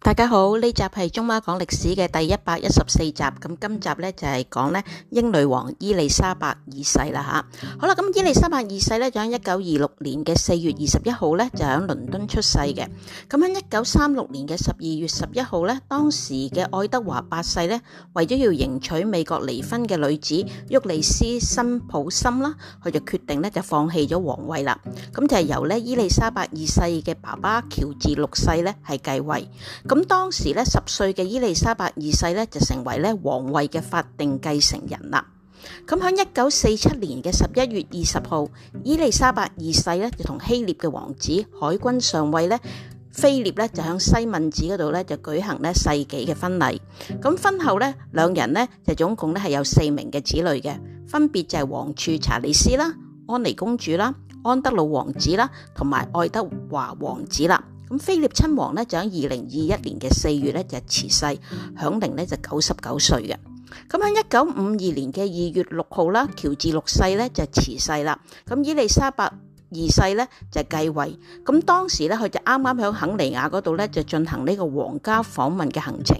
大家好，呢集係中媽講歷史嘅第一百一十四集。咁今集咧就係講咧英女王伊麗莎白二世啦吓。好啦，咁伊麗莎白二世咧就喺一九二六年嘅四月二十一號咧就喺倫敦出世嘅。咁喺一九三六年嘅十二月十一號咧，當時嘅愛德華八世咧為咗要迎娶美國離婚嘅女子沃利斯辛普森啦，佢就決定咧就放棄咗皇位啦。咁就係由咧伊麗莎白二世嘅爸爸喬治六世咧係繼位。咁當時咧，十歲嘅伊麗莎白二世咧就成為咧皇位嘅法定繼承人啦。咁喺一九四七年嘅十一月二十號，伊麗莎白二世咧就同希臘嘅王子、海軍上尉咧菲臘咧就喺西敏寺嗰度咧就舉行咧世紀嘅婚禮。咁婚後咧，兩人咧就總共咧係有四名嘅子女嘅，分別就係王儲查理斯啦、安妮公主啦、安德魯王子啦同埋愛德華王子啦。咁菲臘親王咧就喺二零二一年嘅四月咧就辭世，享齡咧就九十九歲嘅。咁喺一九五二年嘅二月六號啦，喬治六世咧就辭世啦。咁伊麗莎白二世咧就繼位。咁當時咧，佢就啱啱喺肯尼亞嗰度咧就進行呢個皇家訪問嘅行程。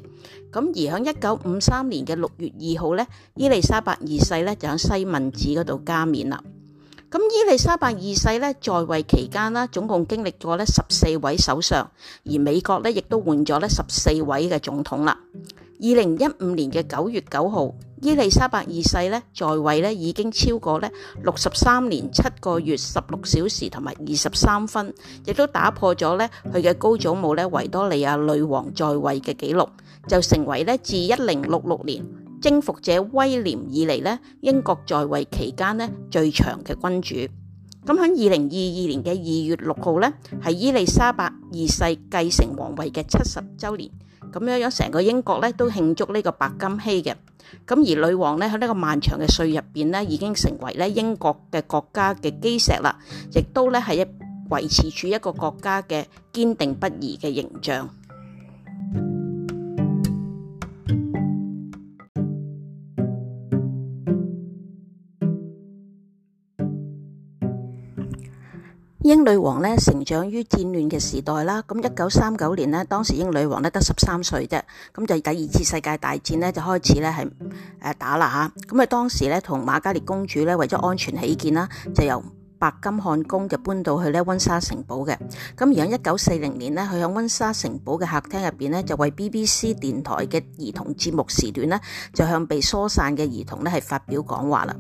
咁而喺一九五三年嘅六月二號咧，伊麗莎白二世咧就喺西敏寺嗰度加冕啦。咁伊麗莎白二世咧在位期間呢，總共經歷過咧十四位首相，而美國咧亦都換咗咧十四位嘅總統啦。二零一五年嘅九月九號，伊麗莎白二世咧在位咧已經超過咧六十三年七個月十六小時同埋二十三分，亦都打破咗咧佢嘅高祖母咧維多利亞女王在位嘅紀錄，就成為咧自一零六六年，征服者威廉以嚟咧，英國在位期間呢，最長嘅君主。咁喺二零二二年嘅二月六號咧，係伊麗莎白二世繼承皇位嘅七十週年。咁樣樣成個英國咧都慶祝呢個白金禧嘅。咁而女王咧喺呢個漫長嘅歲入邊咧，已經成為咧英國嘅國家嘅基石啦，亦都咧係一維持住一個國家嘅堅定不移嘅形象。英女王呢，成長於戰亂嘅時代啦，咁一九三九年呢，當時英女王呢得十三歲啫，咁就第二次世界大戰呢，就開始呢，係誒打啦吓，咁啊當時呢同瑪嘉烈公主呢，為咗安全起見啦，就由。白金漢宮就搬到去咧溫莎城堡嘅，咁而喺一九四零年咧，佢喺溫莎城堡嘅客廳入邊咧，就為 BBC 電台嘅兒童節目時段咧，就向被疏散嘅兒童咧係發表講話啦。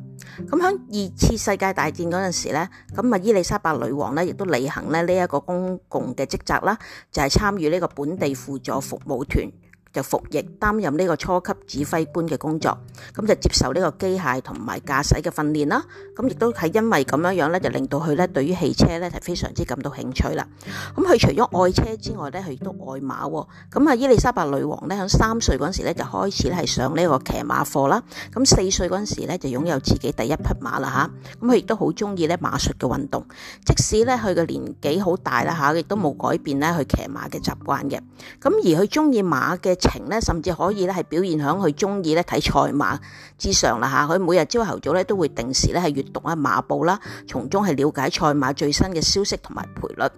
咁喺二次世界大戰嗰陣時咧，咁啊伊麗莎白女王咧亦都履行咧呢一個公共嘅職責啦，就係參與呢個本地輔助服務團。就服役擔任呢個初級指揮官嘅工作，咁就接受呢個機械同埋駕駛嘅訓練啦。咁亦都係因為咁樣樣咧，就令到佢咧對於汽車咧係非常之感到興趣啦。咁佢除咗愛車之外咧，佢亦都愛馬喎。咁啊，伊麗莎白女王咧喺三歲嗰陣時咧就開始咧係上呢個騎馬課啦。咁四歲嗰陣時咧就擁有自己第一匹馬啦吓，咁佢亦都好中意咧馬術嘅運動，即使咧佢嘅年紀好大啦吓亦都冇改變咧佢騎馬嘅習慣嘅。咁而佢中意馬嘅情咧，甚至可以咧係表現喺佢鍾意咧睇賽馬之上啦吓，佢每日朝頭早咧都會定時咧係閱讀吓馬報啦，從中係了解賽馬最新嘅消息同埋賠率。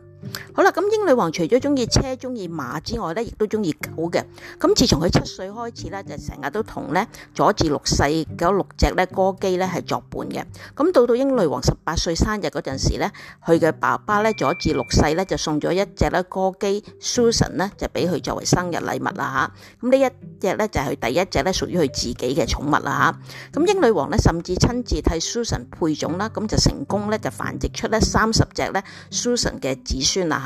好啦，咁英女王除咗中意車、中意馬之外咧，亦都中意狗嘅。咁自從佢七歲開始咧，就成日都同咧佐治六世有六隻咧哥基咧係作伴嘅。咁到到英女王十八歲生日嗰陣時咧，佢嘅爸爸咧佐治六世咧就送咗一隻咧哥基。Susan 咧就俾佢作為生日禮物啦吓。咁呢一隻咧就係佢第一隻咧屬於佢自己嘅寵物啦吓。咁英女王咧甚至親自替 Susan 配種啦，咁就成功咧就繁殖出咧三十隻咧 Susan 嘅子孫。算啦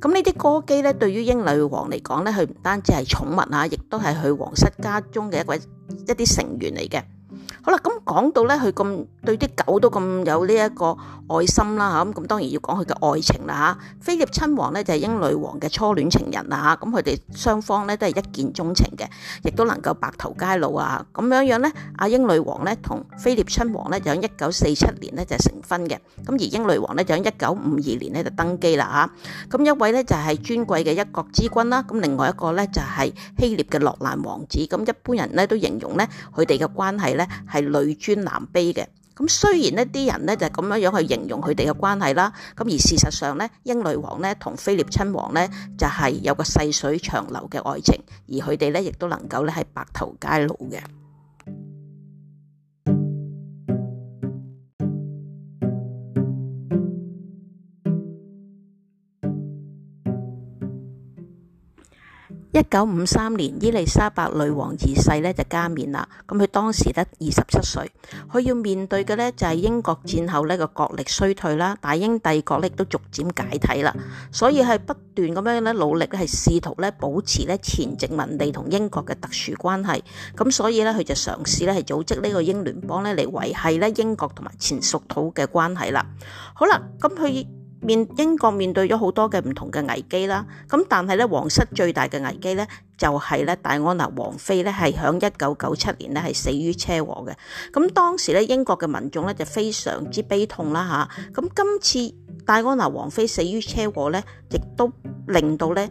嚇，咁呢啲歌姬咧，對於英女王嚟講咧，佢唔單止係寵物嚇，亦都係佢皇室家中嘅一位一啲成員嚟嘅。好啦，咁講到咧，佢咁對啲狗都咁有呢一個愛心啦，嚇咁，當然要講佢嘅愛情啦，嚇。菲臘親王咧就係英女王嘅初戀情人啦，嚇咁佢哋雙方咧都係一見鍾情嘅，亦都能夠白頭偕老啊。咁樣樣咧，阿英女王咧同菲臘親王咧就喺一九四七年咧就成婚嘅，咁而英女王咧就喺一九五二年咧就登基啦，嚇。咁一位咧就係尊貴嘅一國之君啦，咁另外一個咧就係希臘嘅落難王子，咁一般人咧都形容咧佢哋嘅關係咧。係女尊男卑嘅，咁雖然呢啲人呢就咁樣樣去形容佢哋嘅關係啦，咁而事實上呢，英女王呢同菲臘親王呢就係有個細水長流嘅愛情，而佢哋呢亦都能夠呢係白頭偕老嘅。一九五三年，伊麗莎白女王二世咧就加冕啦。咁佢當時得二十七歲，佢要面對嘅咧就係英國戰後呢個國力衰退啦，大英帝國咧都逐漸解體啦，所以係不斷咁樣咧努力咧係試圖咧保持咧前殖民地同英國嘅特殊關係。咁所以咧佢就嘗試咧係組織呢個英聯邦咧嚟維繫咧英國同埋前屬土嘅關係啦。好啦，咁佢。面英國面對咗好多嘅唔同嘅危機啦，咁但係咧皇室最大嘅危機咧就係咧戴安娜王妃咧係喺一九九七年咧係死於車禍嘅，咁當時咧英國嘅民眾咧就非常之悲痛啦吓，咁今次戴安娜王妃死於車禍咧，亦都令到咧。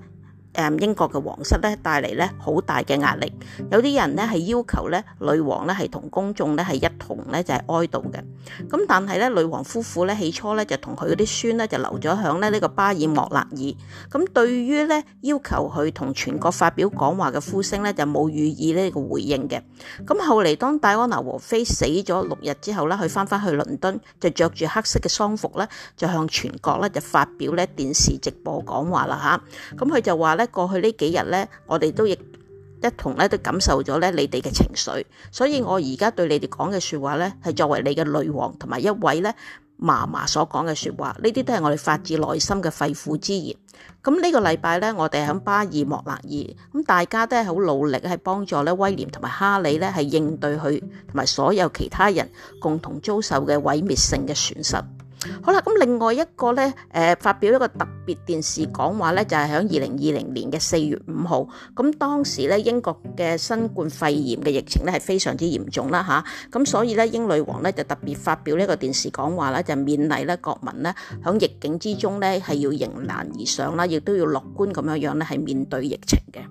英國嘅皇室咧帶嚟咧好大嘅壓力，有啲人咧係要求咧女王咧係同公眾咧係一同咧就係哀悼嘅。咁但係咧女王夫婦咧起初咧就同佢啲孫咧就留咗響咧呢個巴爾莫勒爾。咁對於咧要求佢同全國發表講話嘅呼聲咧就冇予以呢個回應嘅。咁後嚟當戴安娜王妃死咗六日之後咧，佢翻返去倫敦就着住黑色嘅喪服咧，就向全國咧就發表咧電視直播講話啦嚇。咁佢就話過去呢幾日呢，我哋都亦一同咧都感受咗咧你哋嘅情緒，所以我而家對你哋講嘅說話呢，係作為你嘅女王同埋一位咧嫲嫲所講嘅說話，呢啲都係我哋發自內心嘅肺腑之言。咁、這、呢個禮拜呢，我哋喺巴爾莫拉爾，咁大家都係好努力，係幫助咧威廉同埋哈利咧係應對佢同埋所有其他人共同遭受嘅毀滅性嘅損失。好啦，咁另外一個咧，誒、呃、發表一個特別電視講話咧，就係喺二零二零年嘅四月五號。咁當時咧，英國嘅新冠肺炎嘅疫情咧係非常之嚴重啦吓，咁所以咧，英女王咧就特別發表呢個電視講話啦，就勉勵咧國民咧喺逆境之中咧係要迎難而上啦，亦都要樂觀咁樣樣咧係面對疫情嘅。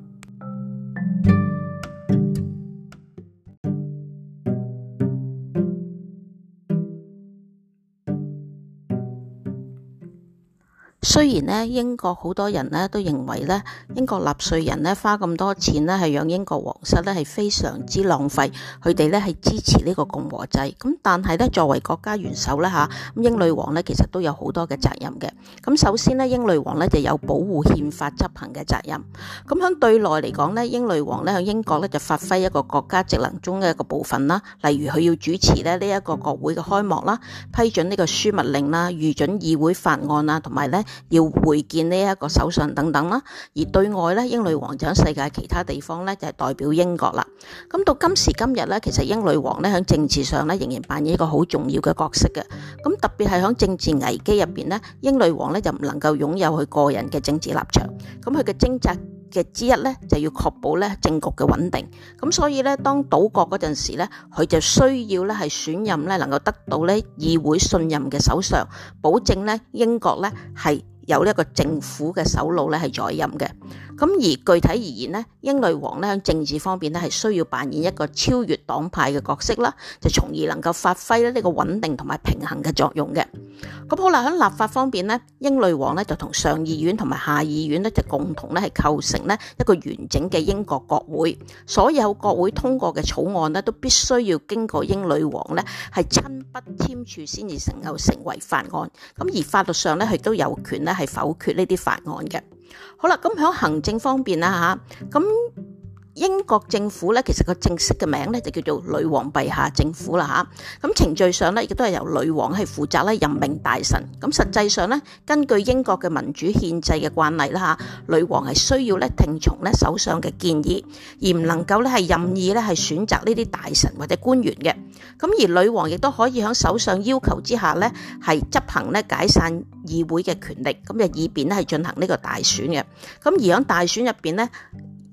雖然咧，英國好多人咧都認為咧，英國納稅人咧花咁多錢咧係養英國皇室咧係非常之浪費，佢哋咧係支持呢個共和制。咁但係咧，作為國家元首咧嚇，咁英女王咧其實都有好多嘅責任嘅。咁首先咧，英女王咧就有保護憲法執行嘅責任。咁響對內嚟講咧，英女王咧喺英國咧就發揮一個國家職能中嘅一個部分啦。例如佢要主持咧呢一個國會嘅開幕啦，批准呢個樞密令啦，預準議會法案啦，同埋呢。要會見呢一個首相等等啦，而對外咧，英女王就喺世界其他地方咧就係、是、代表英國啦。咁到今時今日咧，其實英女王咧喺政治上咧仍然扮演一個好重要嘅角色嘅。咁特別係喺政治危機入邊咧，英女王咧就唔能夠擁有佢個人嘅政治立場，咁佢嘅職責嘅之一咧就要確保咧政局嘅穩定。咁所以咧，當倒閣嗰陣時咧，佢就需要咧係選任咧能夠得到咧議會信任嘅首相，保證咧英國咧係。有一個政府嘅首腦咧係在任嘅。咁而具體而言咧，英女王咧喺政治方面咧係需要扮演一個超越黨派嘅角色啦，就從而能夠發揮咧呢個穩定同埋平衡嘅作用嘅。咁好啦，喺立法方面咧，英女王咧就同上議院同埋下議院咧就共同咧係構成呢一個完整嘅英國國會。所有國會通過嘅草案咧都必須要經過英女王咧係親筆簽署先至成夠成為法案。咁而法律上咧佢都有權咧係否決呢啲法案嘅。好啦，咁喺行政方面啦吓，咁。英國政府咧，其實個正式嘅名咧就叫做女王陛下政府啦嚇。咁、啊、程序上咧亦都係由女王係負責咧任命大臣。咁、啊、實際上咧，根據英國嘅民主憲制嘅慣例啦嚇、啊，女王係需要咧聽從咧首相嘅建議，而唔能夠咧係任意咧係選擇呢啲大臣或者官員嘅。咁、啊、而女王亦都可以喺首相要求之下咧係執行咧解散議會嘅權力，咁、啊、就以便咧係進行呢個大選嘅。咁、啊、而喺大選入邊咧。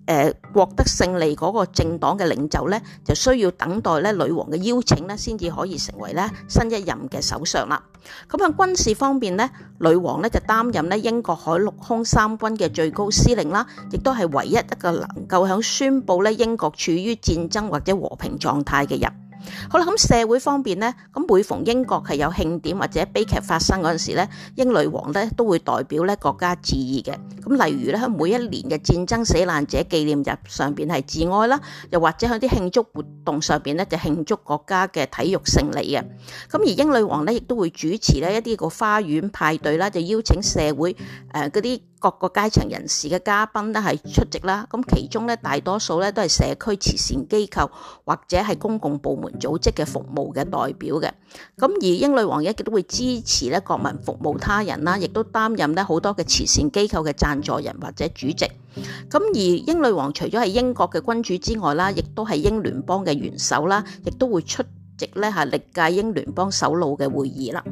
誒，獲得勝利嗰個政黨嘅領袖呢，就需要等待咧女王嘅邀請咧，先至可以成為咧新一任嘅首相啦。咁喺軍事方面呢，女王呢就擔任咧英國海陸空三軍嘅最高司令啦，亦都係唯一一個能夠響宣布咧英國處於戰爭或者和平狀態嘅人。好啦，咁社會方面咧，咁每逢英國係有慶典或者悲劇發生嗰陣時咧，英女王咧都會代表咧國家致意嘅。咁例如咧，每一年嘅戰爭死難者紀念日上邊係致哀啦，又或者喺啲慶祝活動上邊咧就慶祝國家嘅體育勝利嘅。咁而英女王咧亦都會主持咧一啲個花園派對啦，就邀請社會誒嗰啲。各個階層人士嘅嘉賓都係出席啦，咁其中咧大多數咧都係社區慈善機構或者係公共部門組織嘅服務嘅代表嘅。咁而英女王亦都會支持咧國民服務他人啦，亦都擔任咧好多嘅慈善機構嘅贊助人或者主席。咁而英女王除咗係英國嘅君主之外啦，亦都係英聯邦嘅元首啦，亦都會出席咧係歷屆英聯邦首腦嘅會議啦。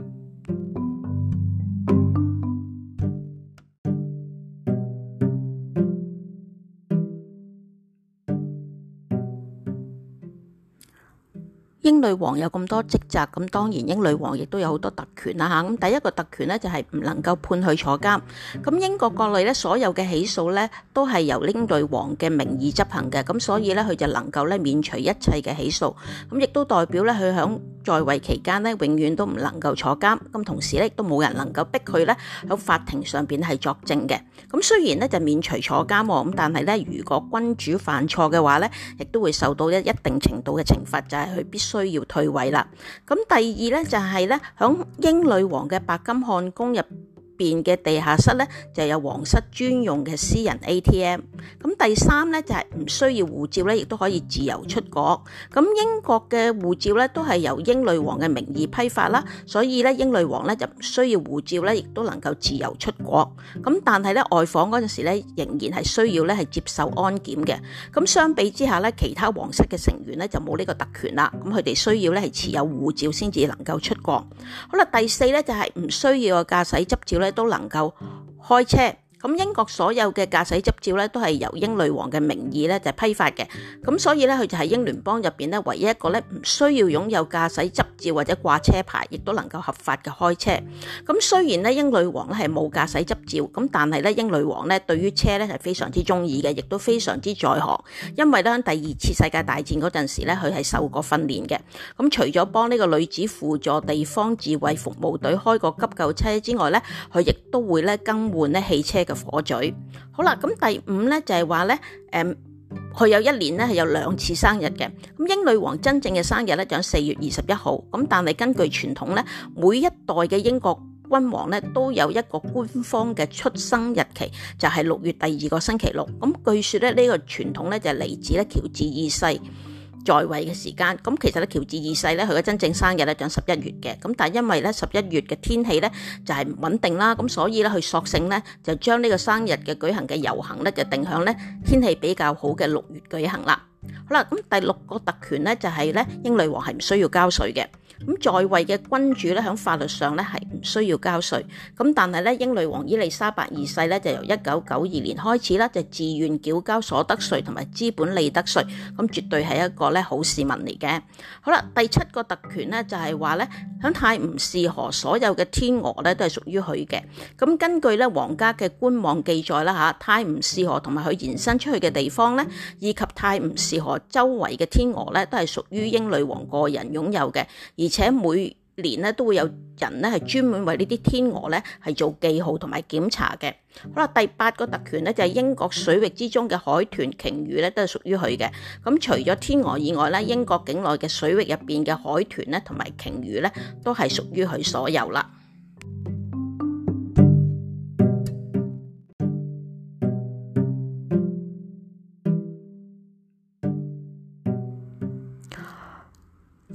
英女王有咁多職責，咁當然英女王亦都有好多特權啦嚇。咁、啊、第一個特權咧就係唔能夠判佢坐監。咁英國國內咧所有嘅起訴咧都係由英女王嘅名義執行嘅，咁所以咧佢就能夠咧免除一切嘅起訴。咁亦都代表咧佢響在位期間咧，永遠都唔能夠坐監，咁同時咧亦都冇人能夠逼佢咧喺法庭上邊係作證嘅。咁雖然咧就免除坐監喎，咁但係咧如果君主犯錯嘅話咧，亦都會受到一一定程度嘅懲罰，就係、是、佢必須要退位啦。咁第二咧就係咧喺英女王嘅白金漢宮入邊嘅地下室咧就有皇室專用嘅私人 ATM。咁第三咧就係、是、唔需要護照咧，亦都可以自由出國。咁英國嘅護照咧都係由英女王嘅名義批發啦，所以咧英女王咧就唔需要護照咧，亦都能夠自由出國。咁但係咧外訪嗰陣時咧，仍然係需要咧係接受安檢嘅。咁相比之下咧，其他皇室嘅成員咧就冇呢個特權啦。咁佢哋需要咧係持有護照先至能夠出國。好啦，第四咧就係、是、唔需要個駕駛執照咧。都能夠開車。咁英國所有嘅駕駛執照咧，都係由英女王嘅名義咧就批發嘅。咁所以咧，佢就係英聯邦入邊咧唯一一個咧唔需要擁有駕駛執照或者掛車牌，亦都能夠合法嘅開車。咁雖然咧，英女王咧係冇駕駛執照，咁但係咧，英女王咧對於車咧係非常之中意嘅，亦都非常之在行。因為咧喺第二次世界大戰嗰陣時咧，佢係受過訓練嘅。咁除咗幫呢個女子輔助地方自衞服務隊開個急救車之外咧，佢亦都會咧更換咧汽車嘅火嘴，好啦，咁第五咧就係話咧，誒、嗯，佢有一年咧係有兩次生日嘅。咁英女王真正嘅生日咧就喺四月二十一號，咁但係根據傳統咧，每一代嘅英國君王咧都有一個官方嘅出生日期，就係、是、六月第二個星期六，咁據說咧呢個傳統咧就嚟自咧喬治二世。在位嘅時間，咁其實咧喬治二世咧佢嘅真正生日咧就十一月嘅，咁但係因為咧十一月嘅天氣咧就係唔穩定啦，咁所以咧佢索性咧就將呢個生日嘅舉行嘅遊行咧就定喺咧天氣比較好嘅六月舉行啦。好啦，咁第六個特權咧就係咧英女王係唔需要交稅嘅。咁在位嘅君主咧，響法律上咧係唔需要交稅。咁但係咧，英女王伊麗莎白二世咧就由一九九二年開始啦，就自願繳交所得稅同埋資本利得稅。咁絕對係一個咧好市民嚟嘅。好啦，第七個特權咧就係話咧，響泰晤士河所有嘅天鵝咧都係屬於佢嘅。咁根據咧皇家嘅官網記載啦吓，泰晤士河同埋佢延伸出去嘅地方咧，以及泰晤士河周圍嘅天鵝咧都係屬於英女王個人擁有嘅。而且每年咧都會有人咧係專門為呢啲天鵝咧係做記號同埋檢查嘅。好啦，第八個特權咧就係英國水域之中嘅海豚、鯨魚咧都係屬於佢嘅。咁除咗天鵝以外咧，英國境內嘅水域入邊嘅海豚咧同埋鯨魚咧都係屬於佢所有啦。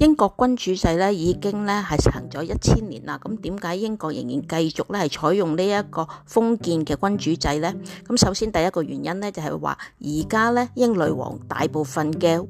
英國君主制已經咧係行咗一千年啦，咁點解英國仍然繼續咧採用呢一個封建嘅君主制呢？咁首先第一個原因咧就係話，而家咧英女王大部分嘅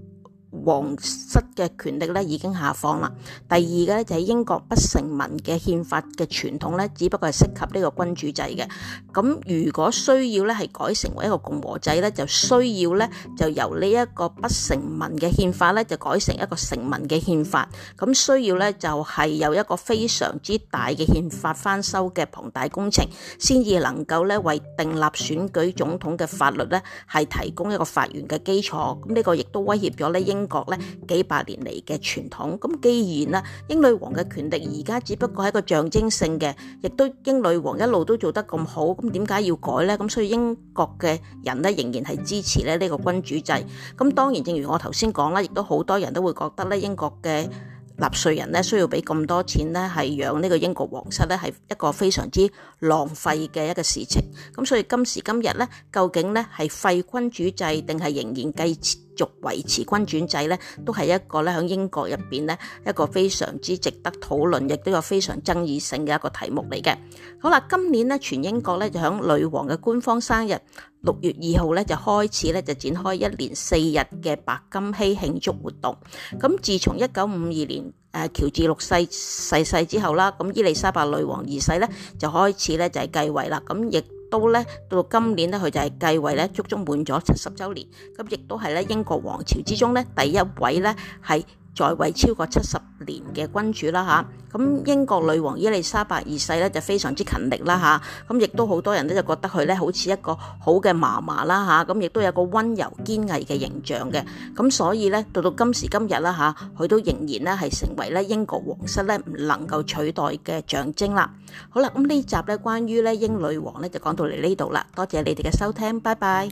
皇室嘅權力咧已經下放啦。第二個咧就係、是、英國不成文嘅憲法嘅傳統咧，只不過係適合呢個君主制嘅。咁如果需要咧係改成為一個共和制咧，就需要咧就由呢一個不成文嘅憲法咧就改成一個成文嘅憲法。咁需要咧就係有一個非常之大嘅憲法翻修嘅龐大工程，先至能夠咧為訂立選舉總統嘅法律咧係提供一個法源嘅基礎。咁呢個亦都威脅咗呢。英。英國咧幾百年嚟嘅傳統，咁既然咧英女王嘅權力而家只不過係一個象徵性嘅，亦都英女王一路都做得咁好，咁點解要改呢？咁所以英國嘅人咧仍然係支持咧呢個君主制。咁當然，正如我頭先講啦，亦都好多人都會覺得咧英國嘅納稅人咧需要俾咁多錢咧係養呢個英國皇室咧係一個非常之浪費嘅一個事情。咁所以今時今日咧，究竟咧係廢君主制定係仍然繼？續維持君轉制咧，都係一個咧喺英國入邊咧一個非常之值得討論，亦都有非常爭議性嘅一個題目嚟嘅。好啦，今年咧全英國咧就喺女王嘅官方生日六月二號咧就開始咧就展開一連四日嘅白金禧慶祝活動。咁自從一九五二年誒喬治六世逝世，世之後啦，咁伊麗莎白女王二世咧就開始咧就繼位啦。咁亦都咧到今年咧，佢就係繼位咧，足足滿咗七十週年。咁亦都係咧英國皇朝之中咧第一位咧係在位超過七十年嘅君主啦嚇，咁英國女王伊麗莎白二世咧就非常之勤力啦嚇，咁亦都好多人咧就覺得佢咧好似一個好嘅嫲嫲啦嚇，咁亦都有一個溫柔堅毅嘅形象嘅，咁所以咧到到今時今日啦嚇，佢都仍然咧係成為咧英國皇室咧唔能夠取代嘅象徵啦。好啦，咁呢集咧關於咧英女王咧就講到嚟呢度啦，多謝你哋嘅收聽，拜拜。